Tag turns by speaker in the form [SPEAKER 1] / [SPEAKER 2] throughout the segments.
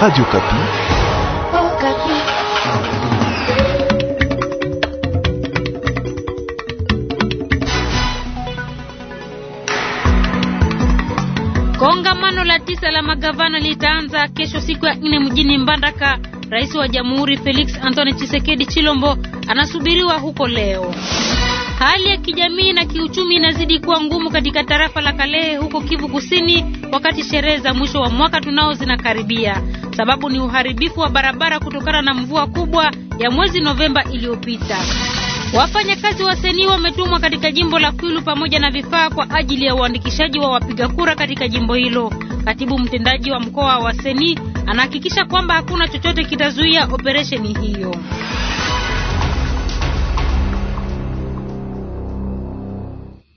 [SPEAKER 1] Radio Kapi. Oh, Kapi.
[SPEAKER 2] Kongamano la tisa la magavana litaanza kesho siku ya nne mjini Mbandaka. Rais wa Jamhuri Felix Antoine Tshisekedi Chilombo anasubiriwa huko leo. Hali ya kijamii na kiuchumi inazidi kuwa ngumu katika tarafa la Kalehe huko Kivu Kusini wakati sherehe za mwisho wa mwaka tunao zinakaribia. Sababu ni uharibifu wa barabara kutokana na mvua kubwa ya mwezi Novemba iliyopita. Wafanyakazi wa seni wametumwa katika jimbo la Kwilu pamoja na vifaa kwa ajili ya uandikishaji wa wapiga kura katika jimbo hilo. Katibu mtendaji wa mkoa wa seni anahakikisha kwamba hakuna chochote kitazuia operesheni hiyo.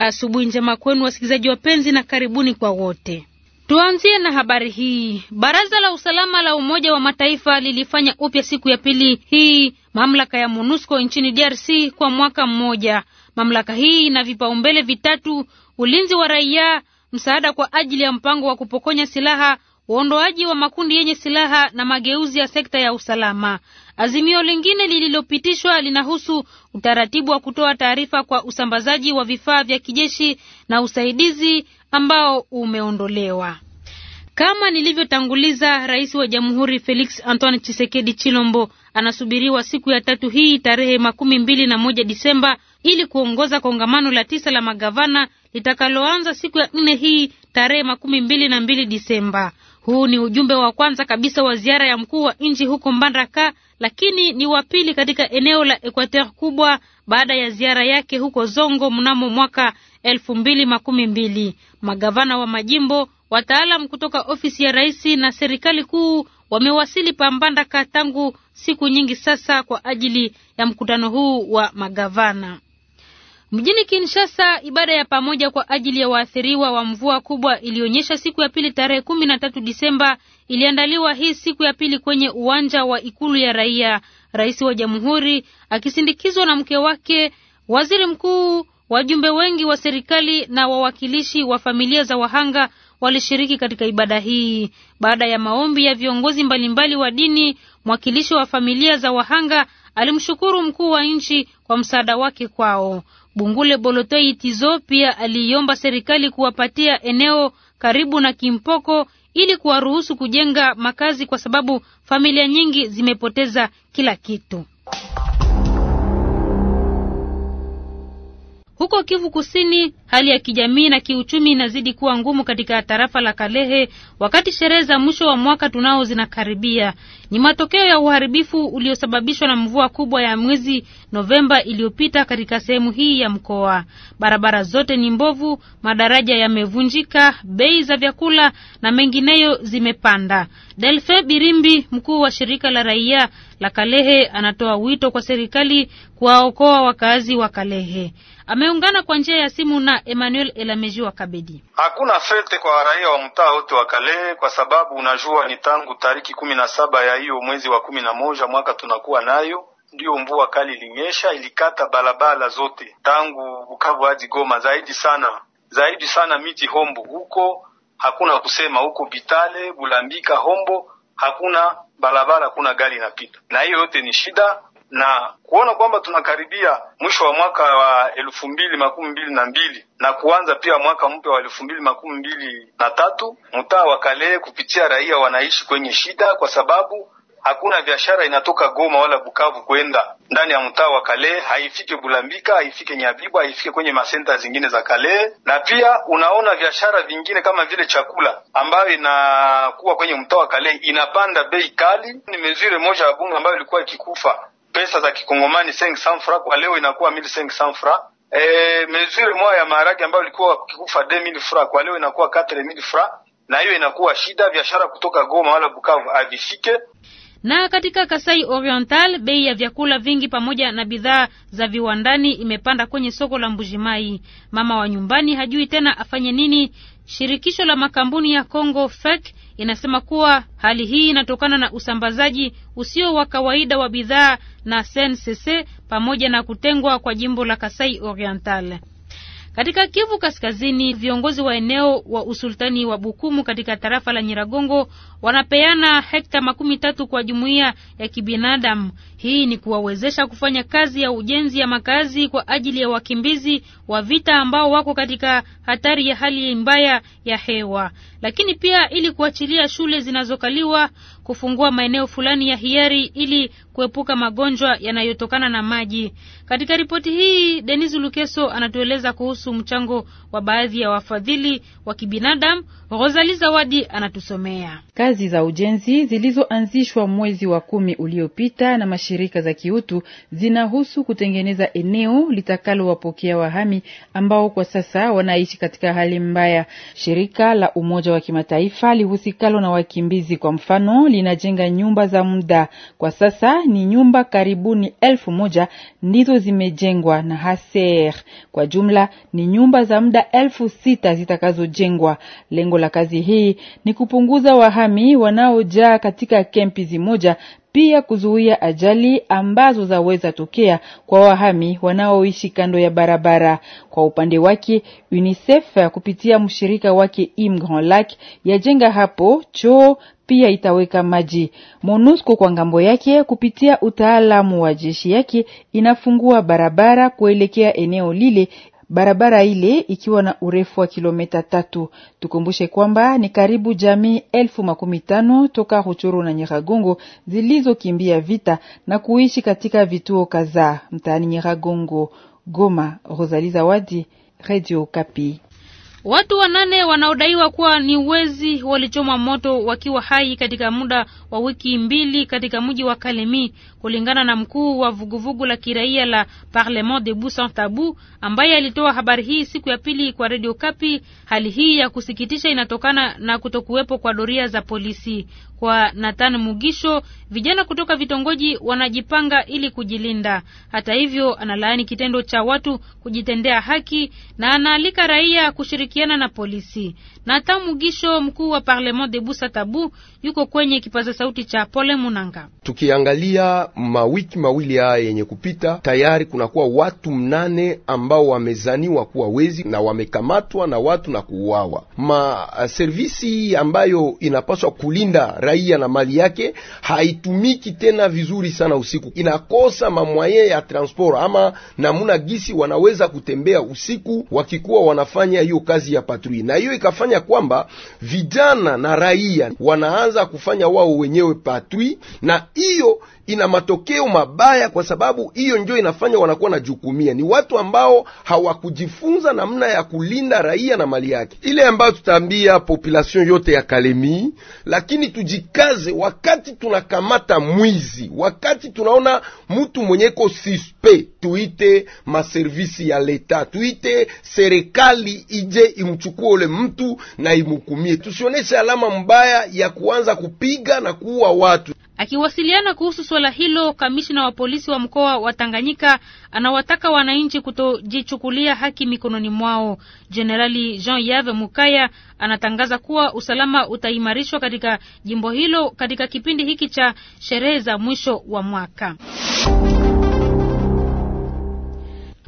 [SPEAKER 2] Asubuhi njema kwenu wasikilizaji wapenzi, na karibuni kwa wote. Tuanzie na habari hii. Baraza la usalama la Umoja wa Mataifa lilifanya upya siku ya pili hii mamlaka ya MONUSCO nchini DRC kwa mwaka mmoja. Mamlaka hii ina vipaumbele vitatu: ulinzi wa raia, msaada kwa ajili ya mpango wa kupokonya silaha uondoaji wa makundi yenye silaha na mageuzi ya sekta ya usalama. Azimio lingine lililopitishwa linahusu utaratibu wa kutoa taarifa kwa usambazaji wa vifaa vya kijeshi na usaidizi ambao umeondolewa. Kama nilivyotanguliza, rais wa jamhuri Felix Antoine Chisekedi Chilombo anasubiriwa siku ya tatu hii tarehe makumi mbili na moja Disemba ili kuongoza kongamano la tisa la magavana litakaloanza siku ya nne hii tarehe makumi mbili na mbili Disemba. Huu ni ujumbe wa kwanza kabisa wa ziara ya mkuu wa nchi huko Mbandaka, lakini ni wa pili katika eneo la Equateur kubwa baada ya ziara yake huko Zongo mnamo mwaka elfu mbili makumi mbili. Magavana wa majimbo, wataalam kutoka ofisi ya rais na serikali kuu wamewasili pa Mbandaka tangu siku nyingi sasa kwa ajili ya mkutano huu wa magavana. Mjini Kinshasa, ibada ya pamoja kwa ajili ya waathiriwa wa mvua kubwa iliyoonyesha siku ya pili tarehe kumi na tatu Disemba iliandaliwa hii siku ya pili kwenye uwanja wa ikulu ya raia. Rais wa jamhuri akisindikizwa na mke wake, waziri mkuu, wajumbe wengi wa serikali na wawakilishi wa familia za wahanga walishiriki katika ibada hii. Baada ya maombi ya viongozi mbalimbali wa dini, mwakilishi wa familia za wahanga alimshukuru mkuu wa nchi kwa msaada wake kwao. Bungule Bolotoi Tizo pia aliiomba serikali kuwapatia eneo karibu na Kimpoko ili kuwaruhusu kujenga makazi kwa sababu familia nyingi zimepoteza kila kitu. Huko Kivu Kusini, hali ya kijamii na kiuchumi inazidi kuwa ngumu katika tarafa la Kalehe wakati sherehe za mwisho wa mwaka tunao zinakaribia. Ni matokeo ya uharibifu uliosababishwa na mvua kubwa ya mwezi Novemba iliyopita katika sehemu hii ya mkoa. Barabara zote ni mbovu, madaraja yamevunjika, bei za vyakula na mengineyo zimepanda. Delfe Birimbi, mkuu wa shirika la raia la Kalehe, anatoa wito kwa serikali kuwaokoa wakazi wa Kalehe. Ameungana kwa njia ya simu na Emmanuel Elameji wa Kabedi.
[SPEAKER 3] Hakuna fete kwa raia wa mtaa wote wa Kalehe kwa sababu unajua ni tangu tariki kumi na saba ya hiyo mwezi wa kumi na moja mwaka tunakuwa nayo ndiyo mvua kali ilinyesha, ilikata barabara zote tangu Bukavu hadi Goma, zaidi sana zaidi sana miti Hombo huko hakuna kusema, huko Bitale, Bulambika, Hombo hakuna barabara, hakuna gari inapita, na hiyo yote ni shida na kuona kwamba tunakaribia mwisho wa mwaka wa elfu mbili makumi mbili na mbili na kuanza pia mwaka mpya wa elfu mbili makumi mbili na tatu mtaa wa Kalehe kupitia raia wanaishi kwenye shida, kwa sababu Hakuna biashara inatoka Goma wala Bukavu kwenda ndani ya mtaa wa Kale, haifike Bulambika, haifike Nyabibwa, haifike kwenye masenta zingine za Kale. Na pia unaona biashara vingine kama vile chakula ambayo inakuwa kwenye mtaa wa Kale inapanda bei kali. Ni mezure moja ya bunge ambayo ilikuwa ikikufa pesa za kikongomani 500 francs kwa leo inakuwa 1500 francs. E, mezure moja ya maharage ambayo ilikuwa ikikufa 2000 francs kwa leo inakuwa 4000 francs, na hiyo inakuwa shida, biashara kutoka Goma wala Bukavu havifike.
[SPEAKER 2] Na katika Kasai Oriental bei ya vyakula vingi pamoja na bidhaa za viwandani imepanda kwenye soko la Mbujimai. Mama wa nyumbani hajui tena afanye nini. Shirikisho la makampuni ya congo FEC inasema kuwa hali hii inatokana na usambazaji usio wa kawaida wa bidhaa na SNCC pamoja na kutengwa kwa jimbo la Kasai Oriental. Katika Kivu Kaskazini, viongozi wa eneo wa usultani wa Bukumu katika tarafa la Nyiragongo wanapeana hekta makumi tatu kwa jumuiya ya kibinadamu. Hii ni kuwawezesha kufanya kazi ya ujenzi ya makazi kwa ajili ya wakimbizi wa vita ambao wako katika hatari ya hali mbaya ya hewa, lakini pia ili kuachilia shule zinazokaliwa kufungua maeneo fulani ya hiari ili kuepuka magonjwa yanayotokana na maji. Katika ripoti hii, Denis Lukeso anatueleza kuhusu mchango wa baadhi ya wafadhili wa kibinadamu. Rosali Zawadi anatusomea.
[SPEAKER 4] Kazi za ujenzi zilizoanzishwa mwezi wa kumi uliopita na mashirika za kiutu zinahusu kutengeneza eneo litakalowapokea wahami ambao kwa sasa wanaishi katika hali mbaya. Shirika la Umoja wa Kimataifa lihusikalo na wakimbizi kwa mfano linajenga nyumba za muda. Kwa sasa ni nyumba karibuni elfu moja ndizo zimejengwa na Haser. Kwa jumla ni nyumba za muda elfu sita zitakazojengwa. Lengo la kazi hii ni kupunguza wahami wanaojaa katika kempi zimoja pia kuzuia ajali ambazo zaweza tokea kwa wahami wanaoishi kando ya barabara. Kwa upande wake, UNICEF kupitia mshirika wake Im Grand Lac yajenga hapo choo pia itaweka maji. MONUSCO kwa ngambo yake kupitia utaalamu wa jeshi yake inafungua barabara kuelekea eneo lile barabara ile ikiwa na urefu wa kilomita tatu. Tukumbushe kwamba ni karibu jamii elfu makumi tano toka Ruchuru na Nyiragongo zilizokimbia vita na kuishi katika vituo kadhaa mtaani Nyiragongo. Goma, rosali Zawadi, Radio Kapi.
[SPEAKER 2] Watu wanane wanaodaiwa kuwa ni wezi walichoma moto wakiwa hai katika muda wa wiki mbili katika mji wa Kalemi, kulingana na mkuu wa vuguvugu la kiraia la Parlement Debout Sans Tabou ambaye alitoa habari hii siku ya pili kwa Radio Kapi. Hali hii ya kusikitisha inatokana na kutokuwepo kwa doria za polisi. Kwa Nathan Mugisho, vijana kutoka vitongoji wanajipanga ili kujilinda. Hata hivyo, analaani kitendo cha watu kujitendea haki na anaalika raia kushiriki kushirikiana na polisi. Nathan Mugisho, mkuu wa Parlement de Busa Tabu, yuko kwenye kipaza sauti cha Pole Munanga.
[SPEAKER 5] Tukiangalia mawiki mawili haya yenye kupita, tayari kunakuwa watu mnane ambao wamezaniwa kuwa wezi na wamekamatwa na watu na kuuawa. Ma eh, servisi ambayo inapaswa kulinda raia na mali yake haitumiki tena vizuri sana usiku, inakosa mamwaye ya transport ama namuna gisi wanaweza kutembea usiku wakikuwa wanafanya hiyo kazi kazi ya patrui, na hiyo ikafanya kwamba vijana na raia wanaanza kufanya wao wenyewe patrui, na hiyo ina matokeo mabaya, kwa sababu hiyo ndio inafanya wanakuwa na jukumia. Ni watu ambao hawakujifunza namna ya kulinda raia na mali yake, ile ambayo tutaambia population yote ya Kalemi. Lakini tujikaze, wakati tunakamata mwizi, wakati tunaona mtu mwenyeko suspect, tuite maservisi ya leta, tuite serikali ije imchukue ule mtu na imhukumie. Tusionyeshe alama mbaya ya kuanza kupiga na kuua watu.
[SPEAKER 2] Akiwasiliana kuhusu suala hilo, kamishina wa polisi wa mkoa wa Tanganyika anawataka wananchi kutojichukulia haki mikononi mwao. Jenerali Jean Yave Mukaya anatangaza kuwa usalama utaimarishwa katika jimbo hilo katika kipindi hiki cha sherehe za mwisho wa mwaka.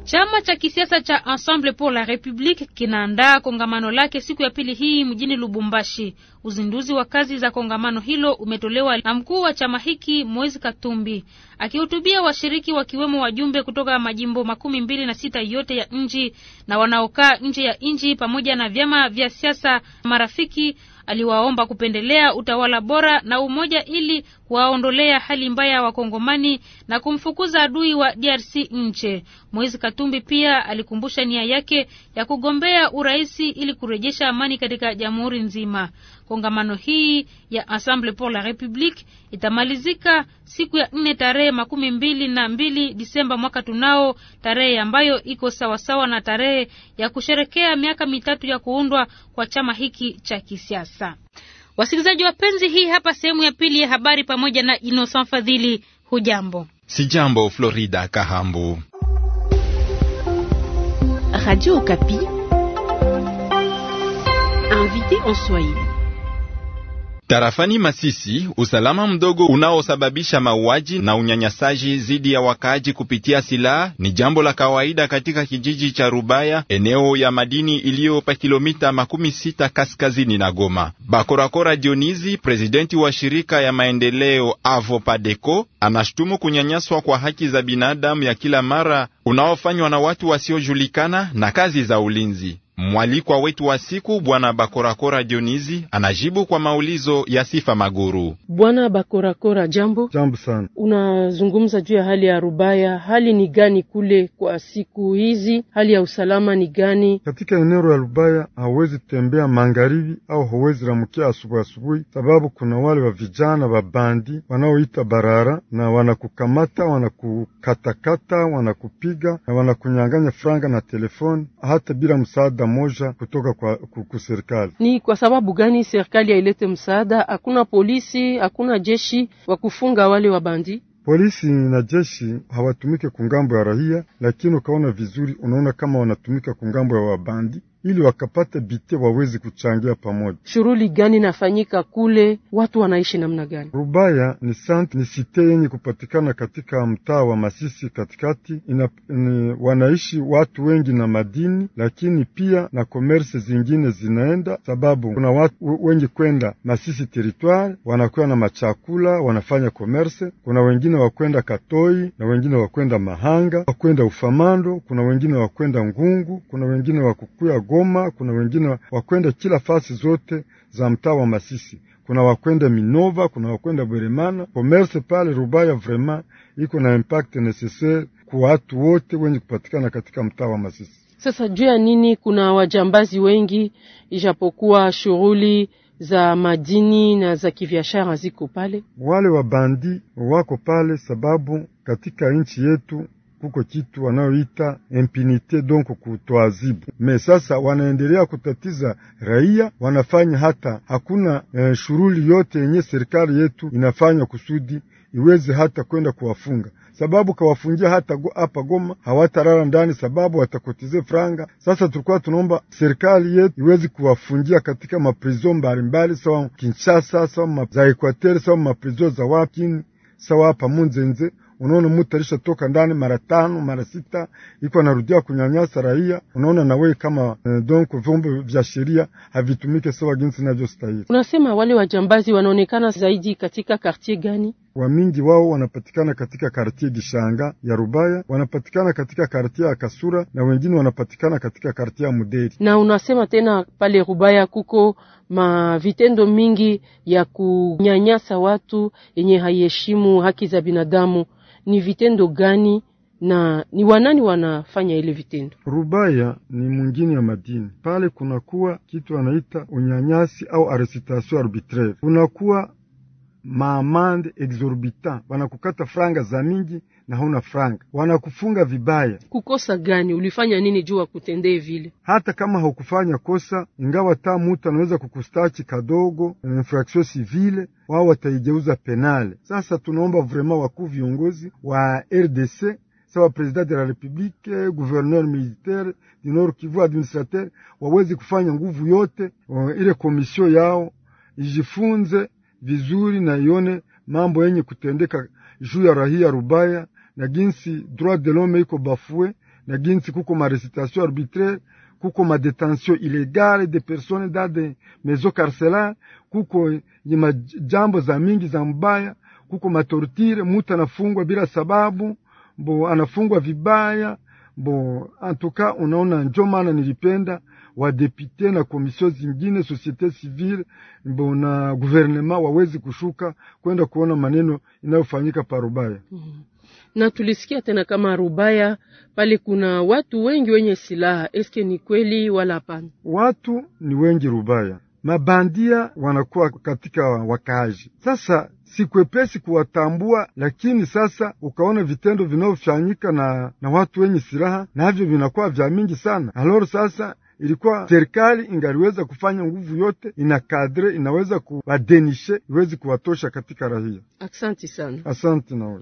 [SPEAKER 2] Chama cha kisiasa cha Ensemble pour la Republique kinaandaa kongamano lake siku ya pili hii mjini Lubumbashi. Uzinduzi wa kazi za kongamano hilo umetolewa na mkuu wa chama hiki Moise Katumbi. Akihutubia washiriki wakiwemo wajumbe kutoka majimbo makumi mbili na sita yote ya nchi na wanaokaa nje ya nchi pamoja na vyama vya siasa marafiki, aliwaomba kupendelea utawala bora na umoja ili kuwaondolea hali mbaya Wakongomani na kumfukuza adui wa DRC nje. Moise Katumbi pia alikumbusha nia yake ya kugombea uraisi ili kurejesha amani katika jamhuri nzima. Kongamano hii ya Assemble pour la Republique itamalizika siku ya nne tarehe makumi mbili na mbili Disemba mwaka tunao, tarehe ambayo iko sawasawa na tarehe ya kusherekea miaka mitatu ya kuundwa kwa chama hiki cha kisiasa. Wasikilizaji wapenzi, hii hapa sehemu ya pili ya habari pamoja na Innocent Fadhili. Hujambo?
[SPEAKER 1] si jambo Florida Kahambu.
[SPEAKER 2] Radio Okapi, invité en Swahili.
[SPEAKER 1] Tarafani Masisi, usalama mdogo unaosababisha mauaji na unyanyasaji dhidi ya wakaaji kupitia silaha ni jambo la kawaida katika kijiji cha Rubaya, eneo ya madini iliyopa kilomita makumi sita kaskazini na Goma. Bakorakora Dionizi, presidenti wa shirika ya maendeleo Avo anashutumu kunyanyaswa kwa haki za binadamu ya kila mara unaofanywa na watu wasiojulikana na kazi za ulinzi. Mwalikwa wetu wa siku Bwana Bakorakora Dionizi anajibu kwa maulizo ya Sifa Maguru.
[SPEAKER 6] Bwana Bakorakora, jambo. Jambo sana. Unazungumza juu ya hali ya Rubaya, hali ni gani kule kwa siku hizi? Hali ya usalama ni gani katika eneo
[SPEAKER 7] ya Rubaya? Hawezi tembea magharibi au hawezi ramukia asubuhi asubuhi, sababu kuna wale wa vijana wa bandi wanaoita barara, na wanakukamata wanakukatakata, wanakupiga na wanakunyang'anya franga na telefoni, hata bila msaada moja moja kutoka kwa serikali.
[SPEAKER 6] Ni kwa sababu gani serikali hailete msaada? Hakuna polisi, hakuna jeshi wa kufunga wale wabandi.
[SPEAKER 7] Polisi na jeshi hawatumike kungambo ya rahia lakini ukaona vizuri, unaona kama wanatumika kungambo ya wabandi ili wakapate bite wawezi kuchangia pamoja.
[SPEAKER 6] Shughuli gani nafanyika kule? Watu wanaishi namna gani?
[SPEAKER 7] Rubaya ni sant, ni site yenye kupatikana katika mtaa wa Masisi katikati. Ina, ni, wanaishi watu wengi na madini, lakini pia na komerse zingine zinaenda, sababu kuna watu wengi kwenda Masisi territoire wanakuwa na machakula, wanafanya komerse. Kuna wengine wakwenda Katoi na wengine wakwenda Mahanga, wakwenda Ufamando, kuna wengine wakwenda Ngungu, kuna wengine wakukuya Goma, kuna wengine wakwenda kila fasi zote za mtaa wa Masisi, kuna wakwenda Minova, kuna wakwenda Bweremana. Commerce pale Rubaya vraiment iko na impact necessaire kwa watu wote wenye kupatikana katika mtaa wa Masisi.
[SPEAKER 6] Sasa juu ya nini kuna wajambazi wengi, ijapokuwa shughuli za madini na za kibiashara ziko pale?
[SPEAKER 7] Wale wabandi wako pale sababu katika nchi yetu kuko kitu wanayoita impunite, donc kutwazibu me. Sasa wanaendelea kutatiza raia, wanafanya hata hakuna eh, shughuli yote yenye serikali yetu inafanya kusudi iweze hata kwenda kuwafunga sababu kawafungia hata hapa Goma hawatarara ndani, sababu watakotize franga. Sasa tulikuwa tunaomba serikali yetu iwezi kuwafungia katika maprizo mbalimbali, sawa Kinshasa, sawa za Equateur, sawa maprizo za wapi sawa hapa Munzenze. Unaona, mtu alishatoka ndani mara tano mara sita, iko anarudia kunyanyasa raia. Unaona nawe kama uh, donc vyombo vya sheria havitumike sawa jinsi inavyostahili.
[SPEAKER 6] Unasema wale wajambazi wanaonekana zaidi katika kartie gani?
[SPEAKER 7] Wamingi wao wanapatikana katika kartie Gishanga ya Rubaya, wanapatikana katika kartie ya Kasura na wengine wanapatikana katika kartie ya Muderi.
[SPEAKER 6] Na unasema tena pale Rubaya kuko mavitendo mingi ya kunyanyasa watu yenye haiheshimu haki za binadamu ni vitendo gani na ni wanani wanafanya ile vitendo.
[SPEAKER 7] Rubaya ni mwingine ya madini pale, kunakuwa kitu anaita unyanyasi au arrestation arbitraire, kunakuwa maamande exorbitant, wanakukata franga za mingi na huna franga, wanakufunga vibaya.
[SPEAKER 6] Kukosa gani? Ulifanya nini juu wakutendee vile?
[SPEAKER 7] Hata kama haukufanya kosa, ingawa ta mutu anaweza kukustachi kadogo eh, infraction civile, wao wataigeuza penale. Sasa tunaomba vrema wakuu viongozi wa RDC sawa president de la republique, gouverneur militaire du Nord Kivu, administrateur waweze kufanya nguvu yote eh, ile komisio yao ijifunze vizuri na ione mambo yenye kutendeka juu ya rahia Rubaya na ginsi droit de l'homme iko bafue na ginsi kuko marecitation arbitraire kuko madetention illegale de persone dans des maisons carcelare kuko majambo za mingi za mbaya kuko matortire mutu anafungwa bila sababu bo anafungwa vibaya bo antuka unaona, njo maana nilipenda wadepute na komisio zingine societe civile bo na guvernema wawezi kushuka kwenda kuona maneno inayofanyika parubaya. mm -hmm
[SPEAKER 6] na tulisikia tena kama Rubaya pale kuna watu wengi wenye silaha. Eske ni kweli wala hapana?
[SPEAKER 7] Watu ni wengi Rubaya, mabandia wanakuwa katika wakaaji. Sasa si kwepesi kuwatambua, lakini sasa ukaona vitendo vinavyofanyika na, na watu wenye silaha navyo vinakuwa vya mingi sana. Aloro sasa ilikuwa serikali ingaliweza kufanya nguvu yote ina kadre inaweza kuwadenishe iwezi kuwatosha katika rahia. Asante sana, asante nawe.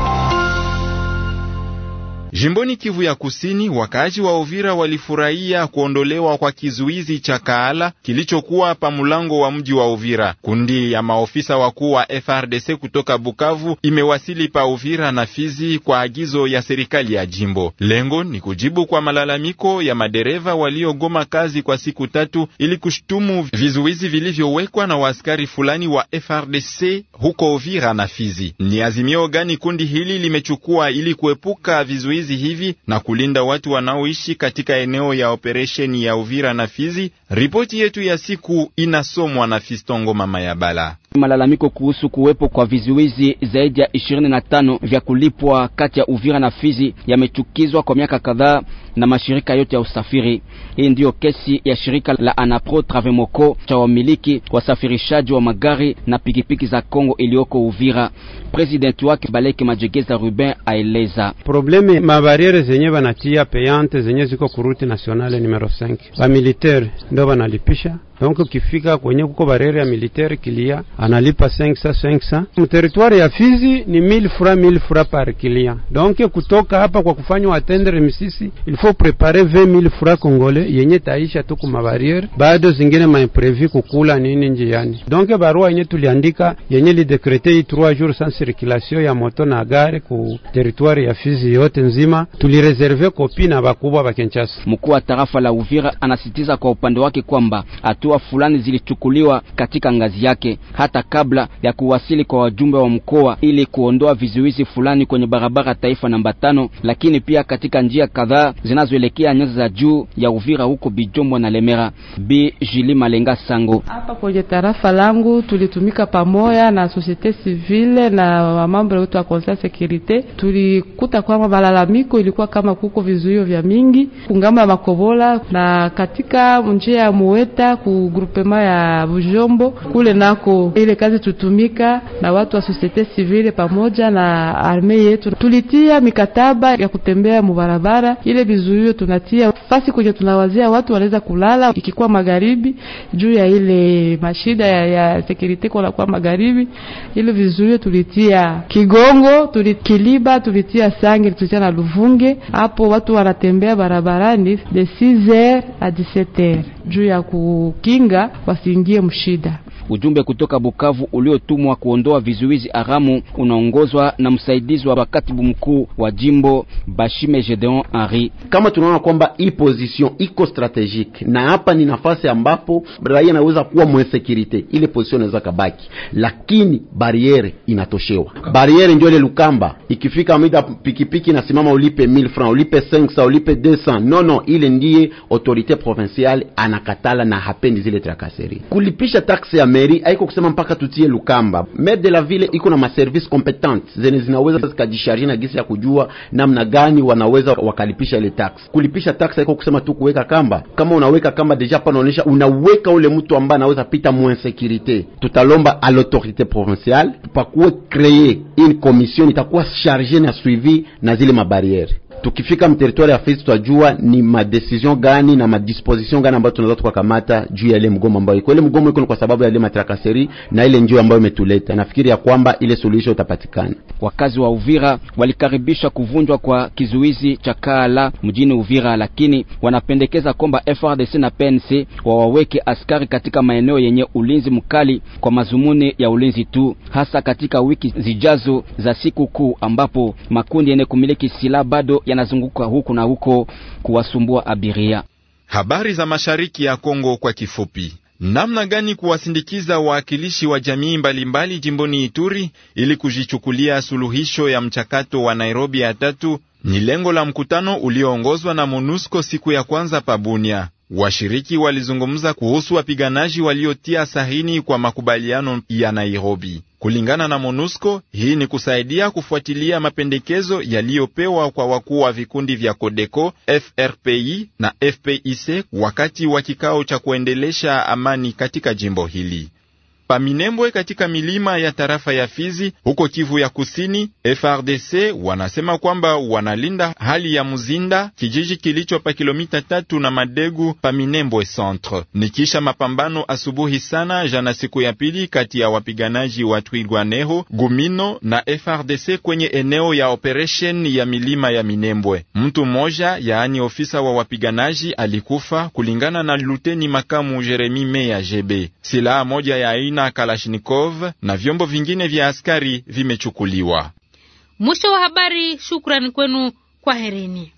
[SPEAKER 1] Jimboni Kivu ya Kusini, wakaaji wa Uvira walifurahia kuondolewa kwa kizuizi cha Kaala kilichokuwa pa mlango wa mji wa Uvira. Kundi ya maofisa wakuu wa FRDC kutoka Bukavu imewasili pa Uvira na Fizi kwa agizo ya serikali ya jimbo. Lengo ni kujibu kwa malalamiko ya madereva waliogoma kazi kwa siku tatu ili kushutumu vizuizi vilivyowekwa na waaskari fulani wa FRDC huko Uvira na Fizi. Ni azimio gani kundi hili limechukua ili kuepuka vizuizi vizuizi hivi na kulinda watu wanaoishi katika eneo ya operesheni ya Uvira na Fizi. Ripoti yetu ya siku inasomwa na Fistongo Mama ya Bala
[SPEAKER 8] malalamiko kuhusu kuwepo kwa vizuizi zaidi ya ishirini na tano vya kulipwa kati ya Uvira na Fizi yamechukizwa kwa miaka kadhaa na mashirika yote ya usafiri. Hii ndiyo kesi ya shirika la Anapro Travemoco cha wamiliki wasafirishaji wa magari na pikipiki za Kongo iliyoko Uvira. Presidenti wake Baleke Majegeza Ruben aeleza
[SPEAKER 9] probleme mabariere zenye banatia payante zenye ziko kuruti nationale numero 5 bamiliteri ndo banalipisha donc kifika kwenye kuko barere ya militaire kilia analipa 500 500. Mteritwari ya Fizi ni 1000 fra 1000 fra par kilia, donc kutoka hapa kwa kufanywa atendere misisi il faut preparer 20000 fra kongole yenye taisha tu kuma barriere, bado zingine ma imprévu kukula nini njiani. Donc barua yenye tuliandika yenye li decreter 3 jours sans circulation ya moto na gari ku territoire ya Fizi yote nzima,
[SPEAKER 8] tulireserve kopi na bakubwa ba Kinshasa. Mkuu wa tarafa la Uvira anasitiza kwa upande wake kwamba atu hatua fulani zilichukuliwa katika ngazi yake hata kabla ya kuwasili kwa wajumbe wa mkoa ili kuondoa vizuizi fulani kwenye barabara taifa namba tano, lakini pia katika njia kadhaa zinazoelekea nyanza za juu ya Uvira huko Bijombo na Lemera. Bi Jili Malenga Sango: hapa kwenye tarafa langu tulitumika pamoja na societe civile na wamambo wetu wa conseil securite, tulikuta kwamba malalamiko ilikuwa kama kuko vizuio vya mingi kungamba Makobola na katika njia ya Muweta ku groupema ya Bujombo kule nako ile kazi tutumika na watu wa societe civile pamoja na arme yetu. Tulitia mikataba ya kutembea mubarabara, ile vizuio tunatia fasi kwenye tunawazia watu wanaweza kulala, ikikuwa magharibi juu ya ile mashida ya, ya security kwa kwa magharibi. Ile vizuio tulitia Kigongo, tulikiliba, tulitia Sange, tulitia na Luvunge. Hapo watu wanatembea barabarani de 6h a 17h juu ya kuki kuwakinga wasiingie mshida. Ujumbe kutoka Bukavu uliotumwa kuondoa vizuizi haramu unaongozwa na msaidizi wa katibu mkuu wa jimbo Bashime Gedeon Henri. Kama tunaona kwamba hii
[SPEAKER 9] position iko strategique na hapa ni nafasi ambapo raia anaweza kuwa mwensekurite, ile position inaweza kabaki, lakini bariere inatoshewa. Bariere ndio ile Lukamba, ikifika mida pikipiki nasimama, ulipe 1000 francs, ulipe 500, ulipe 200. No, no, ile ndiye autorite provinciale anakatala na hapendi zile trakaseri kulipisha taksi ya meri haiko kusema mpaka tutie lukamba. Maire de la ville iko na maservice competente zenye zinaweza zikajisharge na gisi ya kujua namna gani wanaweza wakalipisha ile tax. Kulipisha tax haiko kusema tu kuweka kamba. Kama unaweka kamba deja hapa unaweka ule mtu ambaye anaweza pita mu insécurité. Tutalomba à l'autorité provinciale pakuwe créer une commission itakuwa chargée na suivi na zile mabariere tukifika mteritori ya Fizi tutajua ni madesizion gani na madisposition gani ambayo tunaweza tukakamata juu ya ile mgomo ambayo iko. Ile mgomo iko ni kwa sababu ya ile matrakaseri na ile njio ambayo imetuleta. Nafikiri ya kwamba ile suluhisho itapatikana. Wakazi wa
[SPEAKER 8] Uvira walikaribisha kuvunjwa kwa kizuizi cha Kala mjini Uvira, lakini wanapendekeza kwamba FRDC na PNC wawaweke askari katika maeneo yenye ulinzi mkali kwa mazumuni ya ulinzi tu, hasa katika wiki zijazo za siku kuu ambapo makundi yenye kumiliki silaha bado yanazunguka huku na huko kuwasumbua abiria.
[SPEAKER 1] Habari za mashariki
[SPEAKER 8] ya Kongo kwa kifupi. Namna gani kuwasindikiza
[SPEAKER 1] wawakilishi wa jamii mbalimbali mbali jimboni Ituri ili kujichukulia suluhisho ya mchakato wa Nairobi ya tatu ni lengo la mkutano ulioongozwa na MONUSCO siku ya kwanza Pabunia. Washiriki walizungumza kuhusu wapiganaji waliotia sahini kwa makubaliano ya Nairobi. Kulingana na MONUSCO, hii ni kusaidia kufuatilia mapendekezo yaliyopewa kwa wakuu wa vikundi vya CODECO, FRPI na FPIC wakati wa kikao cha kuendelesha amani katika jimbo hili. Paminembwe katika milima ya tarafa ya Fizi huko Kivu ya Kusini, FRDC wanasema kwamba wanalinda hali ya Muzinda, kijiji kilicho pa kilomita tatu na Madegu pa minembwe centre. Ni kisha mapambano asubuhi sana jana, siku ya pili, kati ya wapiganaji wa twigwaneho Gumino na FRDC kwenye eneo ya operation ya milima ya Minembwe. Mtu mmoja yaani ofisa wa wapiganaji alikufa kulingana na luteni makamu Jeremi Meya Jebe. Silaha moja ya aina na Kalashnikov na vyombo vingine vya askari vimechukuliwa.
[SPEAKER 2] Mwisho wa habari. Shukrani kwenu, herini.